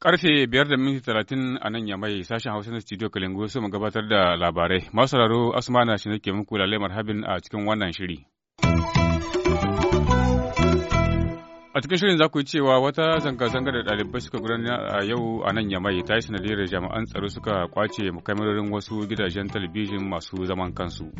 karfe biyar da minti talatin a nan ya mai sashen hausa na studio kalangu su mu gabatar da labarai masu sauraro asuma na shi nake muku lalai marhabin a cikin wannan shiri cikin shirin za ku yi cewa wata zanga-zanga da ɗalibai suka gudanar a yau a nan yamai ta yi sanadiyar jami'an tsaro suka kwace kamarorin wasu gidajen talabijin masu zaman kansu.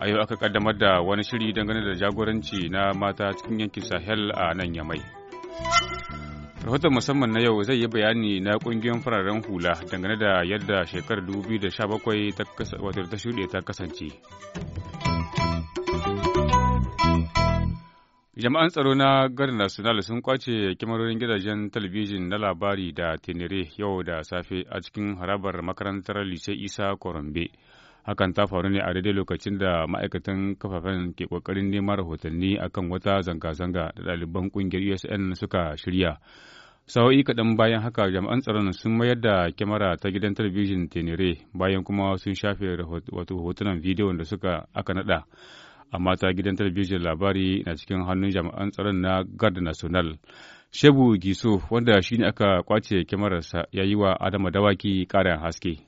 A yau aka kaddamar da wani shiri dangane da jagoranci na mata cikin yankin Sahel a nan yamai. Rahoton musamman na yau zai yi bayani na ƙungiyar fararen hula dangane da yadda shekarar 2017 ta shuɗe ta kasance. Jama'an tsaro na Gar National sun kwace kyamarorin gidajen talabijin na labari da tenere yau da safe a cikin harabar makarantar Lise Isa Korombe. Hakan ta faru ne a daidai lokacin da ma'aikatan kafafen ke kokarin neman rahotanni akan wata zanga-zanga da ɗaliban ƙungiyar USN suka shirya. sa'o'i kaɗan bayan haka jami'an tsaron sun mayar da kyamara ta gidan talabijin tenere bayan kuma sun shafe wato hotunan bidiyon da suka aka naɗa. amma ta gidan talabijin labari na cikin hannun jami'an tsaron na Guard National. Shebu Giso wanda shi ne aka kwace kyamararsa ya yi wa Adama Dawaki ƙarin haske.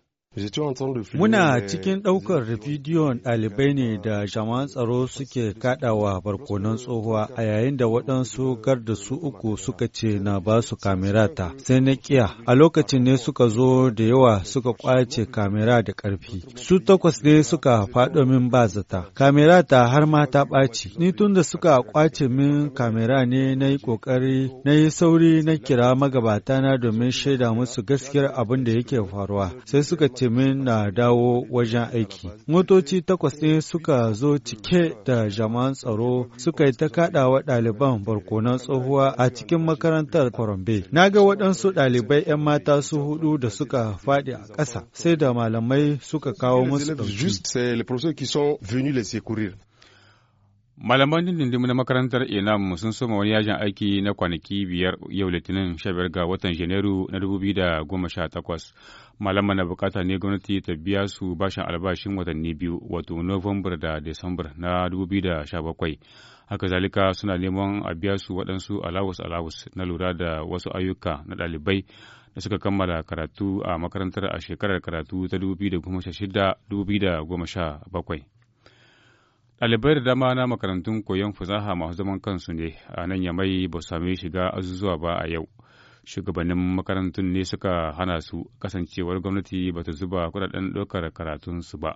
Muna cikin ɗaukar bidiyon ɗalibai ne da jama'an tsaro suke kaɗawa barkonon tsohuwa a yayin da waɗansu garda su uku suka ce na ba su kamerata sai na ƙiya. A lokacin ne suka zo da yawa suka ƙwace kamera da ƙarfi. Su takwas ne suka faɗo min ba zata. Kamerata har ma ta ɓaci. Ni tun da suka ƙwace min kamera ne na yi ƙoƙari na yi sauri na kira magabata na domin shaida musu gaskiyar abin da yake faruwa. Sai suka mutumin na dawo wajen aiki. Motoci takwas ɗin suka zo cike da jama'an tsaro suka yi ta kaɗawa ɗaliban barkonan tsohuwa a cikin makarantar Kwarambe. Na ga waɗansu ɗalibai 'yan mata su hudu da suka faɗi a ƙasa sai da malamai suka kawo musu Malaman dindindin na makarantar Enam sun soma wani yajin aiki na kwanaki biyar yau Litinin 15 ga watan Janairu na 2018. Malaman na bukata ne gwamnati ta biya su bashin albashin watanni biyu wato Nuwambar da Disambar na 2017. Haka zalika suna neman a biya su waɗansu alawus-alawus na lura da wasu ayyuka na ɗalibai da suka kammala karatu a makarantar a shekarar karatu ta 2016-2017. Ɗalibai da dama na makarantun koyon fasaha masu zaman kansu ne a nan ya mai ba su sami shiga azuzuwa ba a yau. Shugabannin makarantun ne suka hana su kasancewar gwamnati ba ta zuba kudaden ɗaukar su ba.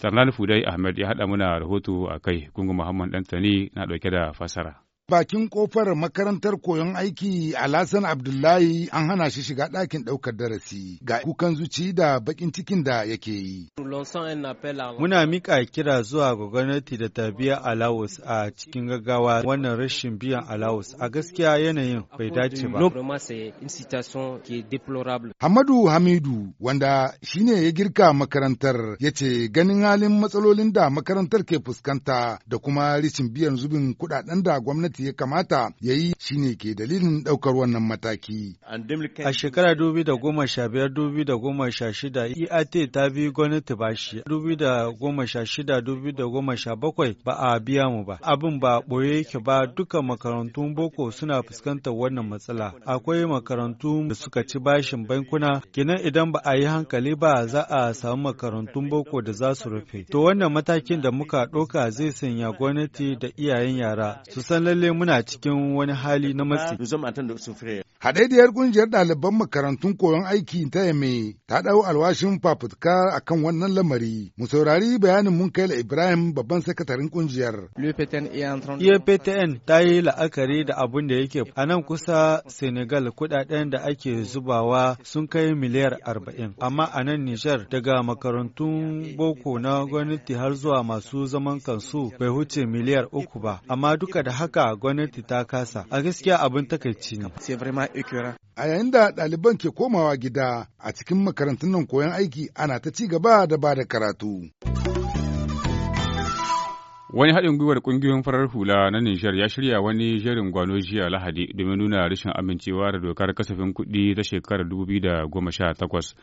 tarnan Fudai Ahmed ya haɗa muna rahoto a kai, Gungun Muhammad Ɗantani na ɗauke da fasara. Bakin kofar makarantar koyon aiki a lasan Abdullahi an hana shi shiga ɗakin ɗaukar darasi ga kukan zuci da bakin cikin da yake yi. Muna mika kira zuwa ga gwamnati da tabiya biya alawus a cikin gaggawa wannan rashin biyan alawus a gaskiya yanayin bai dace ba. Hamadu Hamidu wanda shine ya girka makarantar ya ce ganin halin matsalolin da makarantar ke fuskanta da kuma rashin biyan zubin kuɗaɗen da gwamnati gwamnati ya kamata ya yi ne ke dalilin ɗaukar wannan mataki. A shekara dubi da goma sha biyar dubi da goma sha shida e ta bi gwamnati bashi dubi da goma sha shida dubi da goma sha bakwai ba a biya mu ba. Abin ba ɓoye yake ba dukkan makarantun boko suna fuskantar wannan matsala. Akwai makarantu da suka ci bashin bankuna kenan idan ba a yi hankali ba za a samu makarantun boko da za su rufe. To wannan matakin da muka ɗauka zai sanya gwamnati da iyayen yara su san lalle dai muna cikin wani hali na matsi. Haɗaidiyar ƙungiyar ɗaliban makarantun koyon aiki ta yame ta ɗau alwashin fafutuka a kan wannan lamari. Mu saurari bayanin Munkaila Ibrahim babban sakataren ƙungiyar. EPTN ta yi la'akari da abun da yake a nan kusa Senegal kuɗaɗen da ake zubawa sun kai miliyar arba'in. Amma a nan Nijar daga makarantun boko na gwamnati har zuwa masu zaman kansu bai huce miliyar uku ba. Amma duka da haka gwamnati ta kasa a gaskiya abin takaici ne a yayin da ɗaliban ke komawa gida a cikin makarantun nan koyon aiki ana ta ci gaba da ba da karatu Wani haɗin gwiwar ƙungiyoyin farar hula na Nijar ya shirya wani jerin gwano jiya Lahadi domin nuna rashin amincewa da dokar kasafin kuɗi ta shekarar da goma sha 2018.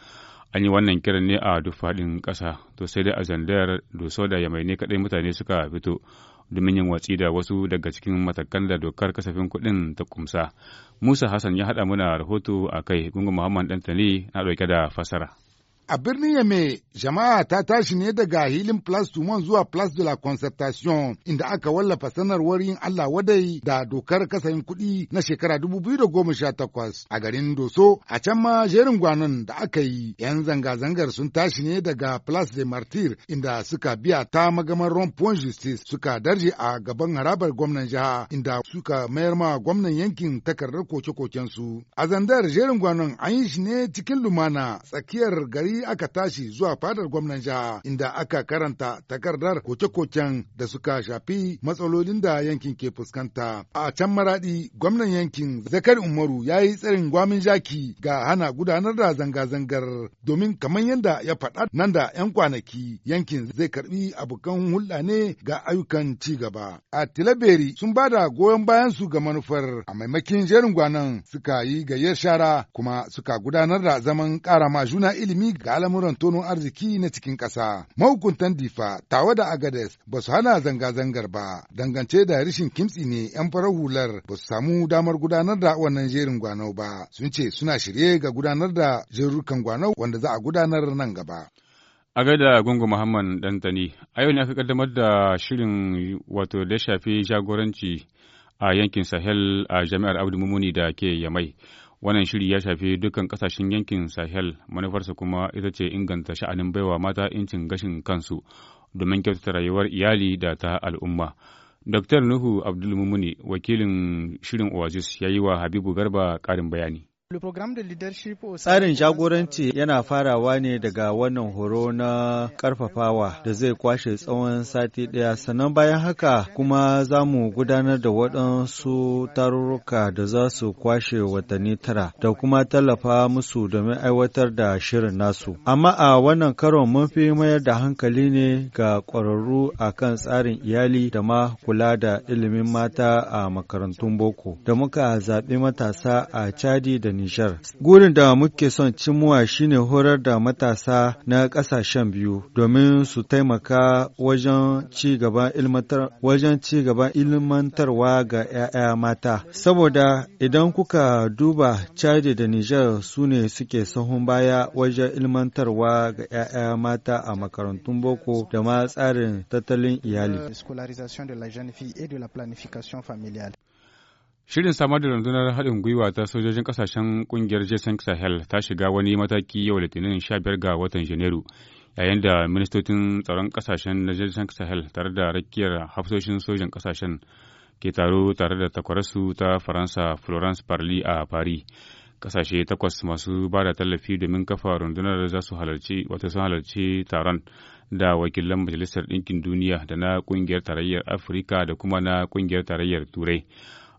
An yi wannan kiran ne a duk faɗin ƙasa, to sai dai a zandar doso da yamai ne kaɗai mutane suka fito. domin yin watsi da wasu daga cikin matakan da dokar kasafin kuɗin ta kumsa. Musa Hassan ya haɗa muna rahoto a kai, Gungun Muhammad Dantani na ɗauke da fasara. A birnin Yame, jama'a ta tashi ne daga hilin Plus du zuwa Plus de la Concertation, inda aka wallafa sanarwar yin Allah wadai da dokar kasayin kuɗi na shekara 2018 a garin Doso, a can ma jerin gwanon da aka yi, 'yan zanga-zangar sun tashi ne daga Plus de martir inda suka biya ta magamar Rompon Justice suka darje a gaban harabar gwamnan jiha, inda suka mayar ma gwamnan yankin takardar koke-kokensu. A zandar jerin gwanon an yi shi ne cikin lumana tsakiyar gari aka tashi zuwa fadar gwamnan jiha inda aka karanta takardar koke-koken da suka shafi matsalolin da yankin ke fuskanta. A can maradi gwamnan yankin Zakari Umaru ya yi tsarin gwamin jaki ga hana gudanar da zanga-zangar domin kamar yadda ya faɗa nan da 'yan kwanaki yankin zai karbi abokan hulɗa ne ga ayyukan ci gaba. A Tilaberi sun ba da goyon bayan su ga manufar a maimakin jerin gwanan suka yi gayyar shara kuma suka gudanar da zaman ƙara ma juna ilimi ga al'amuran tonon arziki na cikin ƙasa. Mahukuntan Difa, Tawa da Agades ba su hana zanga-zangar ba, dangance da rishin kimtsi ne 'yan farar hular ba su samu damar gudanar da wannan jerin gwanau ba, sun ce suna shirye ga gudanar da jerukan gwanau wanda za a gudanar nan gaba. A gaida gungu Muhammad Dantani, a yau ne aka kaddamar da shirin wato da shafi jagoranci a yankin Sahel a jami'ar Abdu Mumuni da ke Yamai. Wannan shiri ya shafi dukkan kasashen yankin Sahel, manufarsa kuma ita ce inganta sha'anin baiwa mata incin gashin kansu domin kyautata rayuwar iyali da ta al'umma. Dr. Nuhu Abdulmumuni, wakilin shirin Oasis, ya yi wa Habibu Garba karin bayani. Tsarin jagoranci yana farawa ne daga wannan horo na karfafawa da zai kwashe tsawon sati ɗaya sannan bayan haka kuma za mu gudanar da waɗansu tarurruka da za su kwashe watanni tara da kuma tallafa musu domin aiwatar da shirin nasu. Amma a wannan karon mun fi mayar da hankali ne ga ƙwararru a kan tsarin iyali da ma kula da ilimin mata a makarantun boko da muka zaɓi matasa a Chadi da Nijar. Gurin da muke son cimuwa shine horar da matasa na ƙasashen biyu domin su taimaka wajen ci gaban ilmantarwa ga 'ya'ya mata. Saboda idan kuka duba Chad da Nijar su ne suke sahun baya wajen ilmantarwa ga 'ya'ya mata a makarantun boko da ma tsarin tattalin iyali. Shirin samar da rundunar haɗin gwiwa ta sojojin ƙasashen ƙungiyar Jason Sahel ta shiga wani mataki yau Litinin 15 ga watan Janairu, yayin da ministocin tsaron ƙasashen na Jason Sahel tare da rakiyar hafsoshin sojin ƙasashen ke taro tare da takwararsu ta Faransa Florence Parly a Paris. Ƙasashe takwas masu ba da tallafi domin kafa rundunar za su halarci wata sun halarci taron da wakilan Majalisar Ɗinkin Duniya da na Ƙungiyar Tarayyar Afirka da kuma na Ƙungiyar Tarayyar Turai.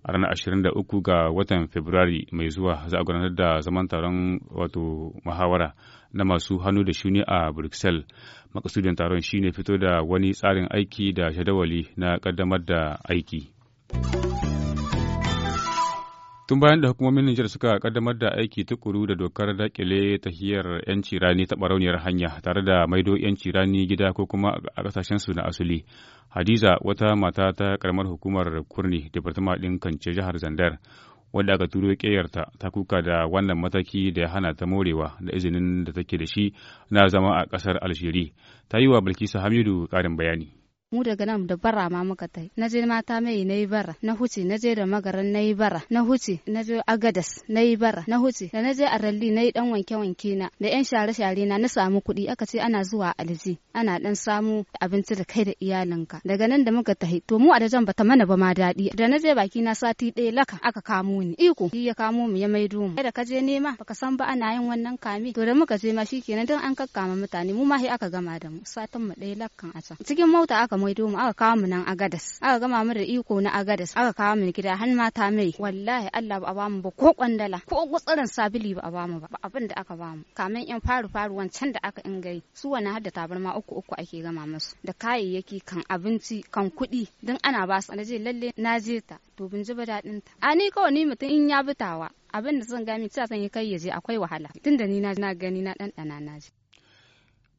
a ranar 23 ga watan Fabrairu mai zuwa za a gudanar da zaman taron wato muhawara na masu hannu da shuni a Bruxelles. Makasudin taron shi ne fito da wani tsarin aiki da shadawali na kaddamar da aiki. Tun bayan da hukumomin Nijar suka kaddamar da aiki tukuru da dokar dakile tahiyar 'yanci rani ta barauniyar hanya tare da maido 'yanci rani gida ko kuma a kasashensu na asali. hadiza wata mata ta karamar hukumar kurni departama ɗin kance jihar zandar wadda aka turo ƙeyarta ta kuka da wannan mataki da ya hana ta morewa da izinin da take da shi na zama a ƙasar alshiri ta yi wa bilkisu hamidu ƙarin bayani mu daga nan da bara ma muka tai na je mata mai na yi bara na huce na je da magaran na yi bara na huce na je agadas na yi bara na huce da na je aralli na yi dan wanke wanke na da yan share share na na samu kuɗi aka ce ana zuwa alji ana dan samu abinci da kai da iyalinka daga nan da muka tai to mu a da bata mana ba ma daɗi da na je baki na sati ɗaya laka aka kamo ni iko shi ya kamo mu ya maido mu da ka je nema baka san ba ana yin wannan kame to da muka je ma shikenan dan an kakkama mutane mu ma sai aka gama da mu satan mu ɗaya lakkan a can cikin mota aka aka maido aka kawo mu nan agadas aka gama mu da iko na agadas aka kawo mu gida har mata mai wallahi Allah ba a bamu ba ko kwandala ko gutsaran sabili ba a bamu ba abin da aka bamu kamin yan faru faru wancan da aka ingai su wani hadda tabarma uku uku ake gama musu da kayayyaki kan abinci kan kuɗi don ana ba su je lalle na je ta to bin ji ba daɗin ta a ni kawai ni mutum in ya bitawa abin da zan gami cewa zan yi kai ya je akwai wahala tunda ni na gani na ɗanɗana na je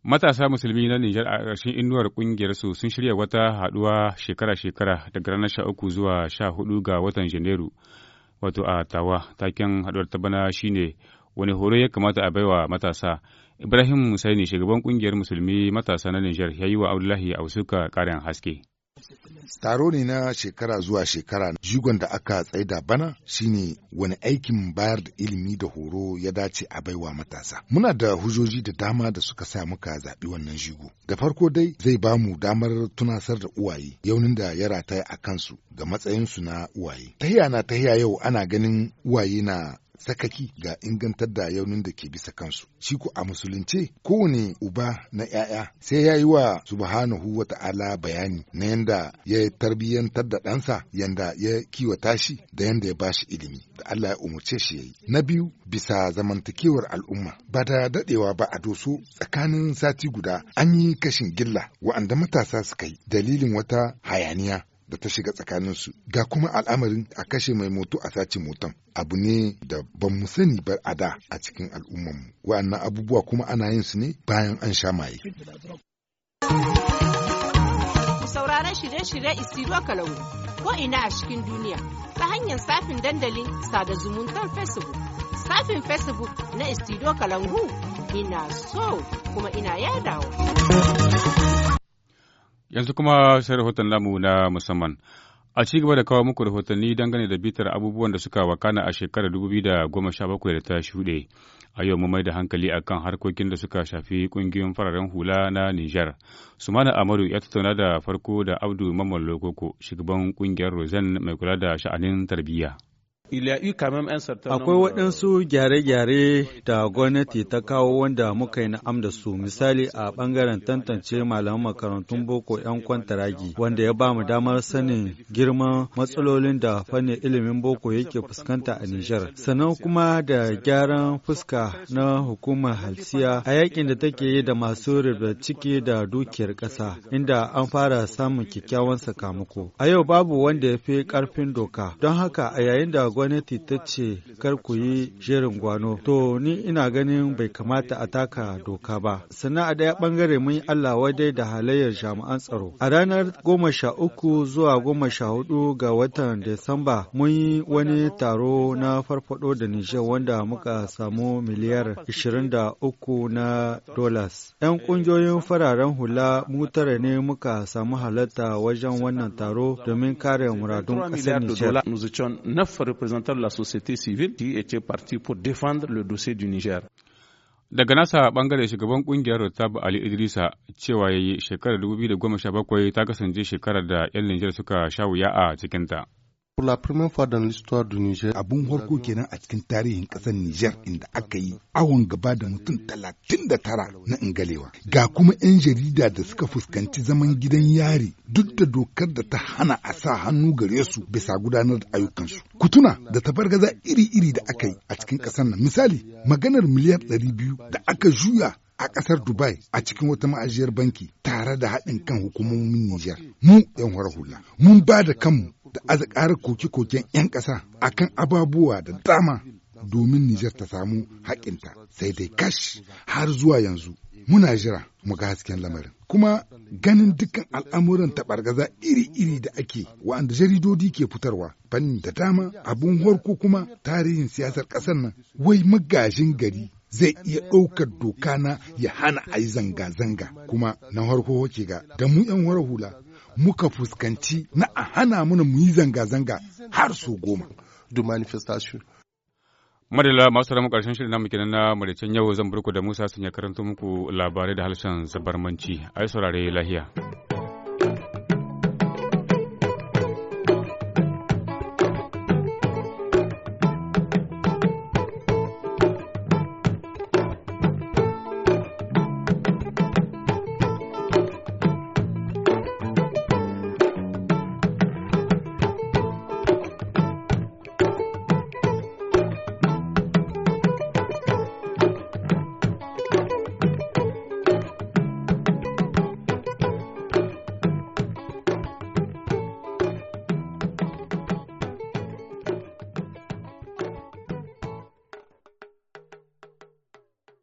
Matasa musulmi na Nijar a ƙarshen inuwar ƙungiyarsu sun shirya wata haɗuwa shekara-shekara daga ranar sha uku zuwa sha hudu ga watan Janairu, wato a tawa taken haɗuwar ta bana shine wani horo ya kamata a baiwa matasa. Ibrahim Musaini shugaban ƙungiyar musulmi matasa na Nijar ya yi wa Abdullahi Ausuka ƙarin haske. Taro ne na shekara zuwa shekara jigon da aka tsaida bana shine wani aikin bayar da ilimi da horo ya dace a baiwa matasa. Muna da hujoji da dama da suka sa muka zaɓi wannan jigo. Da farko dai zai ba mu damar tunasar da uwaye yaunin da ya yi a kansu ga matsayinsu na uwaye. Tahiya na tahiya yau ana ganin uwaye na sakaki ga ingantar da yaunin da ke bisa kansu. Shi ku a musulunce kowane uba na ‘ya'ya sai ya yi wa subhanahu wa ta'ala bayani na yanda ya tarbiyyantar da ɗansa yanda ya kiwata shi da yanda ya bashi ilimi da Allah ya umarce shi ya yi. Na biyu bisa zamantakewar al'umma ba da daɗewa ba a doso tsakanin sati guda an yi kashin gilla wa'anda matasa suka yi dalilin wata hayaniya da ta shiga tsakaninsu ga kuma al'amarin a kashe mai moto a sace motan abu ne da ban mu sani ba a da a cikin al'ummarmu wa'annan abubuwa kuma ana yin su ne bayan an sha maye sauraron shirye-shirye isiro kalau ko ina a cikin duniya ta hanyar safin dandalin sada zumuntar facebook safin facebook na isiro kalangu ina so kuma ina yadawa Yanzu kuma sai rahoton lamu na musamman. A ci gaba da kawo muku rahotanni dangane da bitar abubuwan da suka wakana a shekarar 2017 da ta shuɗe. A yau mu mai da hankali kan harkokin da suka shafi ƙungiyoyin fararen hula na Nijar. Sumana Amadu ya tattauna da farko da Abdu Mamman Lokoko, shugaban ƙungiyar Rosen mai kula da sha'anin tarbiyya. Akwai waɗansu gyare-gyare da gwamnati ta kawo wanda muka yi na'am da su misali a ɓangaren tantance malaman makarantun boko 'yan kwantaragi wanda ya ba mu damar sanin girman matsalolin da fannin ilimin boko yake fuskanta a Nijar. Sannan kuma da gyaran fuska na hukumar halsiya a yakin da take yi da masu riba ciki da dukiyar ƙasa inda an fara samun kyakkyawan sakamako. A yau babu wanda ya fi ƙarfin doka don haka a yayin da gwamnati ta ce kar ku yi jerin gwano to ni ina ganin bai kamata a taka doka ba sannan a daya ɓangare mun yi allah wadai da halayyar jami'an tsaro a ranar goma sha uku zuwa goma sha hudu ga watan disamba mun yi wani taro na farfado da nijar wanda muka samu miliyar 23 na dollars 'yan ƙungiyoyin fararen hula mu ne muka samu halatta wajen wannan taro domin kare muradun ƙasar nijar représentant de la société civile qui était parti pour défendre le dossier du Niger. Daga nasa bangare shugaban kungiyar Rotab Ali Idrisa cewa yayi shekarar 2017 ta kasance shekarar da 'yan Nijar suka sha wuya a cikinta. Pour la première fois dans l'histoire du Niger. Abun harko kenan a cikin tarihin ƙasar Niger inda aka yi awon gaba da mutum talatin da tara na ingalewa. Ga kuma 'yan jarida da suka fuskanci zaman gidan yari duk da dokar da ta hana a sa hannu gare su bisa gudanar da ayyukansu. Kutuna da tabargaza iri-iri da aka yi a cikin ƙasar nan. Misali, maganar miliyar ɗari biyu da aka juya a ƙasar Dubai a cikin wata ma'ajiyar banki tare da haɗin kan hukumomin Nijar. Mu 'yan hula mun ba da kanmu ta aza ƙara koke-koken 'yan ƙasa a kan ababuwa da dama domin Nijar ta samu haƙinta sai dai kash har zuwa yanzu muna jira mu ga hasken lamarin kuma ganin dukkan al'amuran ta taɓargaza iri-iri da ake wa'anda jaridodi ke fitarwa fannin da dama abun harko kuma tarihin siyasar ƙasar nan wai magajin gari zai iya ɗaukar doka na ya hana a yi zanga-zanga kuma na harko wake ga da mu 'yan hula muka fuskanci na a hana mana mu yi zanga-zanga har so goma. Do manifestation. Madalla masu ramu ƙarshen shirin namu kenan na maricin yau zan burku da Musa sun ya karanta muku labarai da harshen zabarmanci. Ai saurare lahiya.